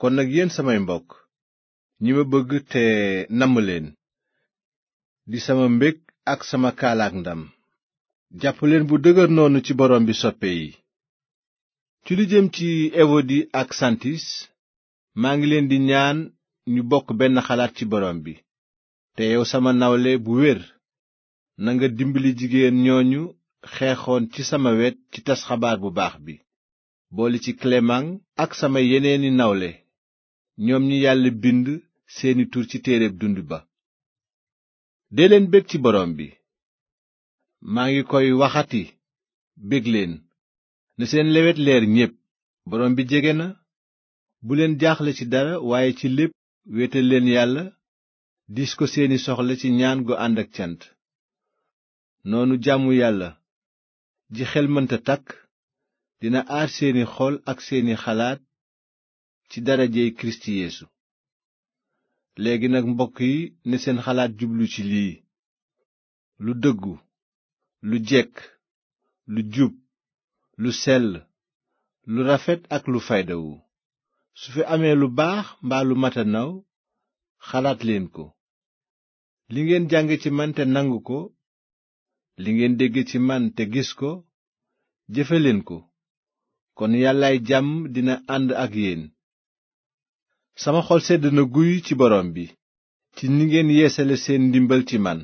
kon nag yéen samay mbokk ñi ma bëgg te namm leen di sama mbég ak sama kaalaak ndam jàpp leen bu dëgër noonu ci boroom bi soppe yi ci lu jëm ci ewodi ak santis maa ngi leen di ñaan ñu bokk benn xalaat ci boroom bi te yow sama nawle bu wér nanga dimbali jigéen ñooñu xeexoon ci sama wet ci tas xabaar bu baax bi boole ci Clément ak sama yeneeni nawle ñoom ñi yàlla bind seeni tur ci téere dund ba dee leen bég ci borom bi maa ngi koy waxati bég leen na seen lewet leer ñépp borom bi jege na bu leen jaaxle ci dara waaye ci lépp wéetal leen yàlla diis ko seeni soxla ci ñaan gu ànd ak cant noonu jàmmu yàlla ji xel mënta takk dina aar seeni xol ak seeni xalaat ci darajey kirist yeesu léegi nag mbokk yi ne seen xalaat jublu ci lii lu dëggu lu jekk lu jub lu sell lu rafet ak lu faydawu su fi amee lu baax mbaa lu naw xalaat leen ko li ngeen jànge ci man te nangu ko li ngeen dégg ci man te gis ko jëfe leen ko kon yàllaay jàmm dina ànd ak yéen sama xol sedd na guy ci borom bi ci ni ngeen yeesale seen ndimbal ci man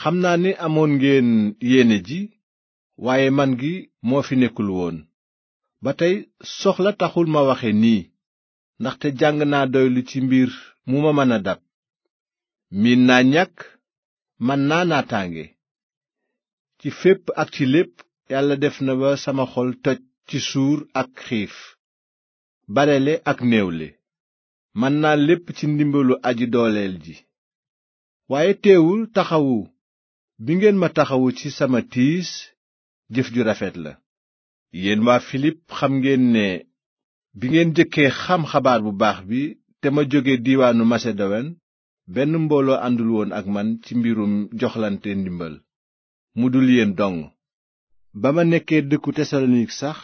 xam naa ni amoon ngeen yéene ji waaye man gi moo fi nekkul woon ba tey soxla taxul ma waxe nii ndaxte jàng naa doylu ci mbir mu ma mën a dab miin naa ñàkk man naa naataange ci fépp ak ci lépp yàlla def na ba sama xol toj ci suur ak xiif barele ak néewle mën naa lépp ci ndimbalu aji dooleel ji waaye teewul taxawu bi ngeen ma taxawu ci sama tiis jëf ju rafet la yéen waa Filip xam ngeen ne bi ngeen jëkkee xam xabaar bu baax bi te ma jóge diiwaanu Masedowen benn mbooloo àndul woon ak man ci mbirum joxlante ndimbal mu dul yéen dong ba ma nekkee dëkku Tesalonik sax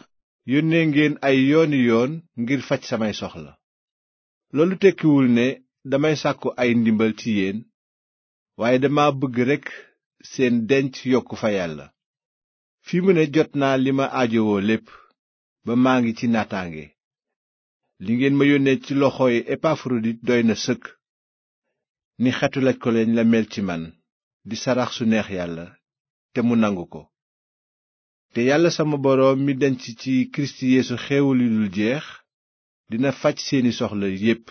yónnee ngeen ay yooni yoon ngir faj samay soxla loolu tekkiwul ne damay sàkku ay ndimbal ci yéen waaye dama bëgg rekk seen denc yokku fa yàlla fi mu ne jot naa li ma aajowoo lépp ba maa ngi ci naataange li ngeen ma yónnee ci loxooy Epafrodit doy na sëkk ni xetu laj la mel ci man di sarax su neex yàlla te mu nangu ko te yàlla sama boroom mi denc ci Kirist Yeesu xéewal yu dul jeex dina faj seeni soxla yépp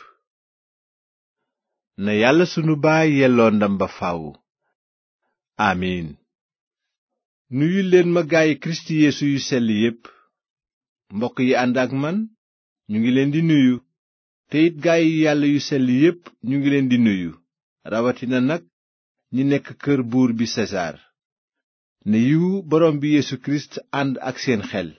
na yàlla sunu baay yelloo ndam ba faw amiin nuyu leen ma gaayi kirist yeesu yu sell yépp mbokk yi ànd ak man ñu ngi leen di nuyu te it yi yàlla yu sell yépp ñu ngi leen di nuyu rawatina nag ñi nekk kër buur bi sesaar ne yiwu borom bi yeesu kirist ànd ak seen xel